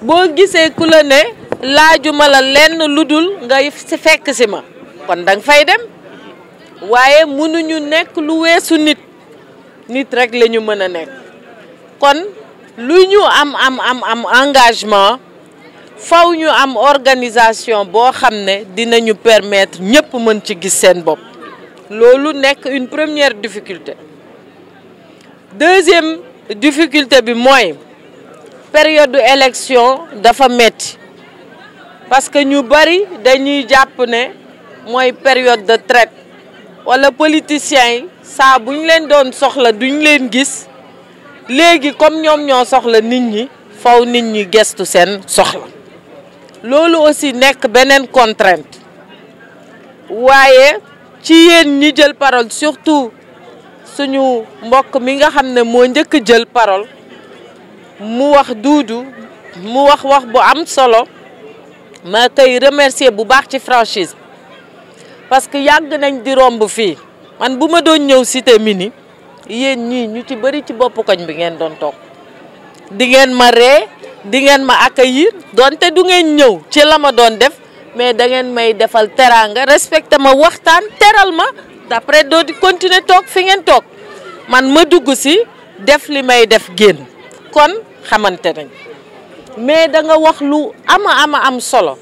boo gisee ku la ne laajuma la lenn lu dul ngay fekk si ma kon danga fay dem waaye mënuñu nekk lu weesu nit nit rek la ñu mën a nekk kon lu ñu am am am am engagement faw ñu am organisation boo xam ne dinañu permettre ñëpp mën ci gis seen bopp loolu nekk une première difficulté deuxième difficulté bi mooy période du élection dafa metti parce que ñu bari dañuy jàpp ne mooy période de trait wala politiciens yi saa bu ñu leen doon soxla duñ leen gis léegi comme ñoom ñoo soxla nit ñi fow nit ñi gestu seen soxla loolu aussi nekk beneen contrainte waaye ci yéen ñi jël parole surtout suñu mbokk mi nga xam ne moo njëkk jël parole mu wax duudu mu wax wax bu am solo ma koy remercier bu baax ci franchise parce que yàgg nañ di romb fii man bu ma doon ñëw cité mini yéen ñi ñu ci bëri ci boppu koñ bi ngeen doon toog di ngeen ma ree di ngeen ma accueillir donte du ngeen ñëw ci la ma doon def mais dangeen may defal teraanga respecté ma waxtaan teral ma d'après doo di continuer toog fi ngeen toog man ma dugg si def li may def génn kon xamante nañ mais danga wax lu ama ama am solo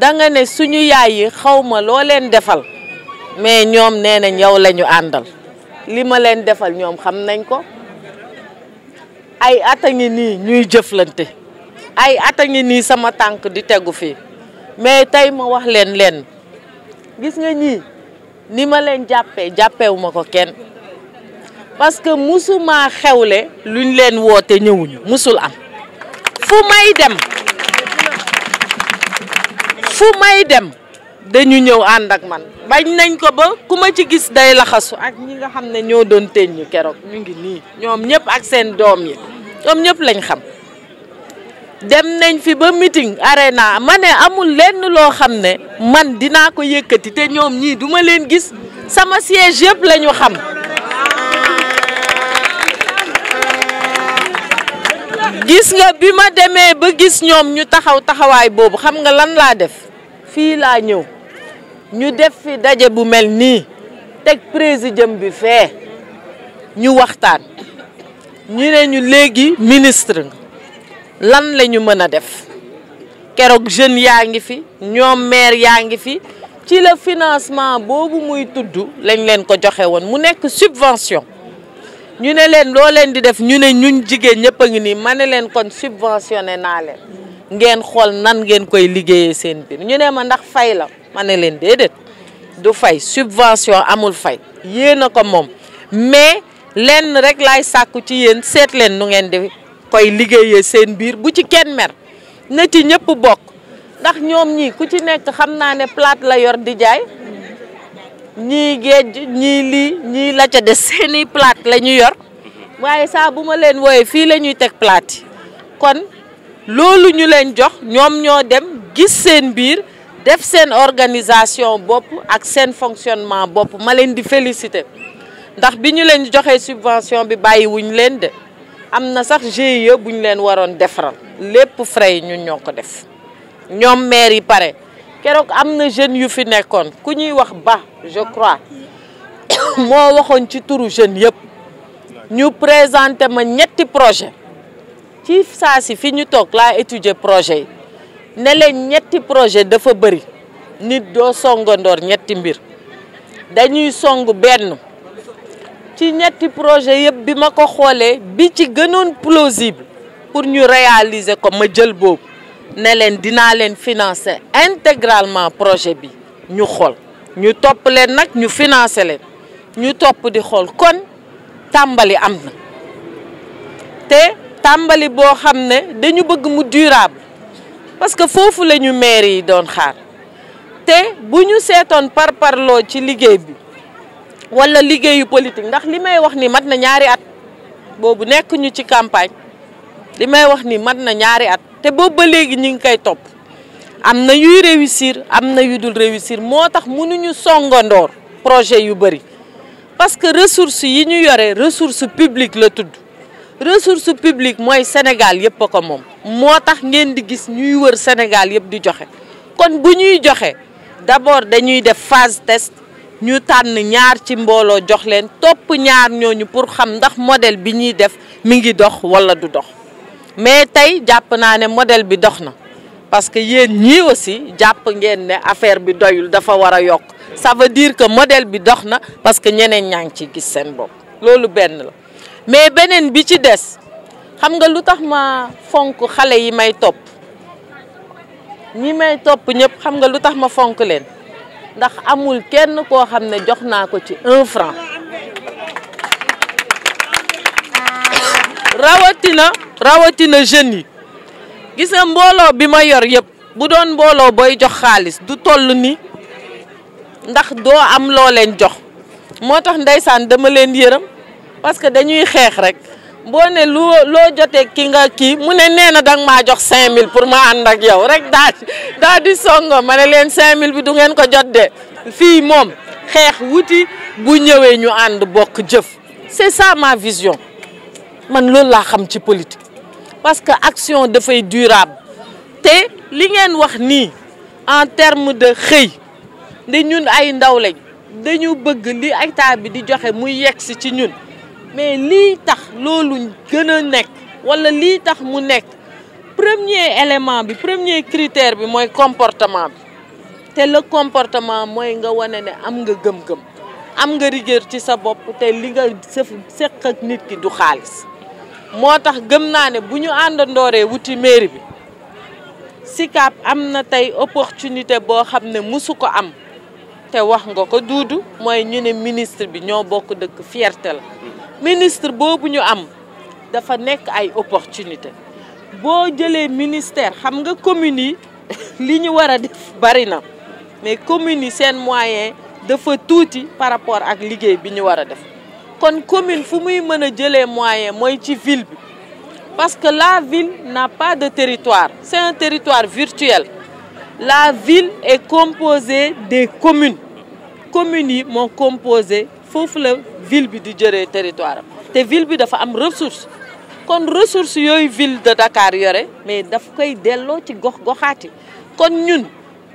da nga ne suñu yaay yi xaw ma loo leen defal mais ñoom nee nañ yow la ñu àndal li ma leen defal ñoom xam nañ ko ay at ngi nii ñuy jëflante ay ata ngi nii sama tànk di tegu fii mais tey ma wax leen leen gis nga ñii ni ma leen jàppee jàppewuma ko kenn parce que musuma xewle luñ leen woote ñëwuñu musul am fu may dem fu may dem dañu ñëw ànd ak man bañ nañ ko ba ku ma ci gis day laxasu ak ñi nga xam ne ñoo doon teñ ñu keroog ñu ngi nii ñoom ñëpp ak seen doom yi ñoom ñëpp lañ xam dem nañ fi ba meeting arena ma ne amul lenn loo xam ne man dinaa ko yëkkati te ñoom ñii duma leen gis sama siège yëpp lañu xam gis nga bi ma demee ba gis ñoom ñu taxaw taxawaay boobu xam nga lan laa def fii laa ñëw ñu def fi daje bu mel nii teg président bi fee ñu waxtaan ñu ne ñu léegi ministre nga lan lañu ñu mën a def keroog jeunes yaa ngi fi ñoom maire yaa ngi fi ci la financement boobu muy tudd lañ leen ko joxe woon mu nekk subvention ñu ne leen loo leen di def ñu ne ñun jigéen ñëpp a ngi nii ma ne leen kon subventionné naa leen ngeen xool nan ngeen koy liggéeyee seen biir ñu ne ma ndax fay la ma ne leen déedéet du fay subvention amul fay yéen a ko moom mais lenn rek laay sàkku ci yéen seet leen nu ngeen di koy liggéeyee seen biir bu ci kenn mer na ci ñëpp bokk ndax ñoom ñii ku ci nekk xam naa ne plate la yor di jaay ñii géej ñii lii ñii la ca des seeni plate la ñu yor waaye saa bu ma leen wooyee fii la ñuy teg plate yi kon loolu ñu leen jox ñoom ñoo dem gis seen biir def seen organisation bopp ak seen fonctionnement bopp ma leen di féliciter ndax bi ñu leen joxee subvention bi bàyyi wuñ leen de am na sax GIE bu ñu leen waroon defaral lépp frais yi ñu ñoo ko def ñoom maire yi pare keroog am na jeunes yu fi nekkoon ku ñuy wax ba je crois moo waxoon ci turu jeunes yëpp ñu présenté ma ñetti projet ci saa si fi ñu toog la étudier projet yi ne leen ñetti projet dafa bëri nit doo songandoor ñetti mbir dañuy song benn ci ñetti projet yëpp bi ma ko xoolee bi ci gënoon plausible pour ñu réaliser ko ma jël boobu ne leen dinaa leen financer intégralement projet bi ñu xool ñu topp leen nag ñu financer leen ñu topp di xool kon tàmbali am na te tàmbali boo xam ne dañu bëgg mu durable parce que foofu la ñu maire yi doon xaar te bu ñu seetoon par parloo ci liggéey bi wala liggéeyu politique ndax li may wax ni mat na ñaari at boobu nekk ñu ci campagne li may wax ni mat na ñaari at te boobu ba léegi ñu ngi koy topp am na yuy réussir am na yu dul réussir moo tax mënuñu songandoor projet yu bëri parce que ressource yi ñu yore ressource publique la tudd ressource publique mooy Sénégal yëpp a ko moom moo tax ngeen di gis ñuy wër Sénégal yëpp di joxe kon bu ñuy joxe d'abord dañuy def phase test ñu tànn ñaar ci mbooloo jox leen topp ñaar ñooñu pour xam ndax modèle bi ñuy def mi ngi dox walla du dox mais tey jàpp naa ne modèle bi dox na parce que yéen ñii aussi jàpp ngeen ne affaire bi doyul dafa war a yokk ça veut que modèle bi dox na parce que ñeneen ñaa ngi ciy gis seen bopp loolu benn la mais beneen bi ci des xam nga lu tax ma fonk xale yi may topp ñi may topp ñëpp xam nga lu tax ma fonk leen ndax amul kenn koo xam ne jox naa ko ci un franc rawatina. rawatina jeunes yi gis nga mbooloo bi ma yor yëpp bu doon mbooloo booy jox xaalis du toll ni ndax doo am loo leen jox moo tax ndeysaan dama leen yërëm parce que dañuy xeex rek mboo ne lu loo jotee ki nga ki mu ne nee na danga maa jox 5000 pour ma ànd ak yow rek daa di songo ma ne leen cinq 5000 bi du ngeen ko jot de fii moom xeex wuti bu ñëwee ñu ànd bokk jëf c'est ça ma vision man loolu laa xam ci politique. parce que action dafay durable te li ngeen wax nii en terme de xëy ne ñun ay ndaw lañ dañu bëgg li état bi di joxe muy yegsi ci ñun mais lii tax loolu gën a nekk walla lii tax mu nekk premier élément bi premier critère bi mooy comportement bi te le comportement mooy nga wane ne am nga gëm-gëm am nga rigueur ci sa bopp te li nga sëf seq ak nit ki du xaalis moo tax gëm naa ne bu ñu àndandooree wuti mairie bi SICAP am na tey opportunité boo xam ne mosu ko am te wax nga ko duudu mooy ñu ne ministre bi ñoo bokk dëkk fierté la ministre boobu ñu am dafa nekk ay opportunité boo jëlee ministère xam nga communes yi li ñu war a def bari na mais communes yi seen moyen dafa tuuti par rapport ak liggéey bi ñu war a def kon commune fu muy mën a jëlee moyen mooy ci ville bi parce que la ville n'a pas de territoire c'est un territoire virtuel la ville est composée des communes communes yi moo composé foofu la ville bi di jëree territoire te ville bi dafa am ressource kon ressource yooyu ville de Dakar yore mais daf koy delloo ci gox goxaati kon ñun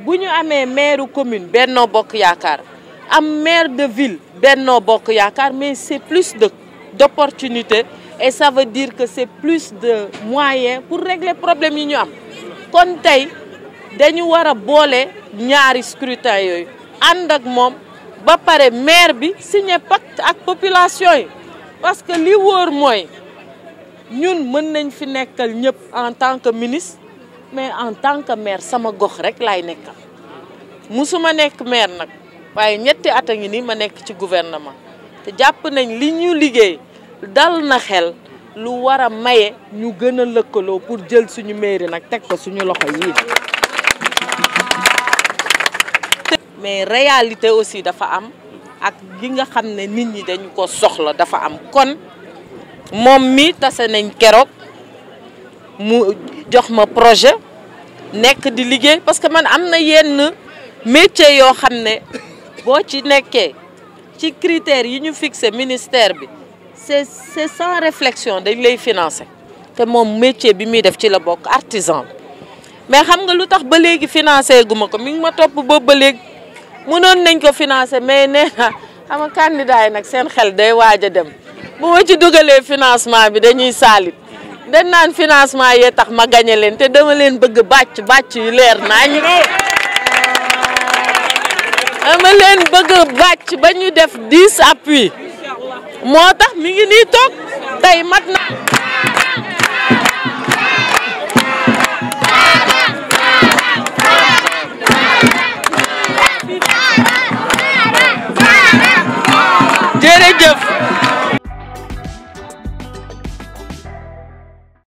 bu ñu amee maire commune Benno Bokk Yaakaar am maire de ville Benno Bokk Yaakaar mais c'est plus de d'opportunité et ça veut dire que c'est plus de moyens pour régler problème yi ñu am kon tey dañu war a boole ñaari scrutin yooyu ànd ak moom ba pare maire bi signé pacte ak population yi parce que li wóor mooy ñun mën nañ fi nekkal ñëpp en tant que ministre mais en tant que maire sama gox rek laay nekkal musuma nekk maire nag waaye ñetti at a ngi nii ma nekk ci gouvernement te jàpp nañ li ñu liggéey dal na xel lu war a maye ñu gën a lëkkaloo pour jël suñu mairie nag teg ko suñu loxo yii mais réalité aussi dafa am ak gi nga xam ne nit ñi dañu ko soxla dafa am kon moom mi tase nañ keroog mu jox ma projet nekk di liggéey parce que man am na yenn métier yoo xam ne boo ci nekkee ci critères yi ñu fixe ministère bi c'est c'est sans réflexion dañ lay financé te moom métier bi muy def ci la bokk artisan mais xam nga lu tax ba léegi financé gu ko mi ma topp boobu ba léegi mënoon nañ ko financer mais nee na xam nga yi nag seen xel day waaj a dem bu ma ci dugalee financement bi dañuy saalit dañ naan financement yee tax ma gañe leen te dama leen bëgg bàcc bàcc yu leer naañ ñu dama leen bëgg a bàcc ba ñu def dix appui moo tax mi ngi nii toog tey mat na. jërëjëf.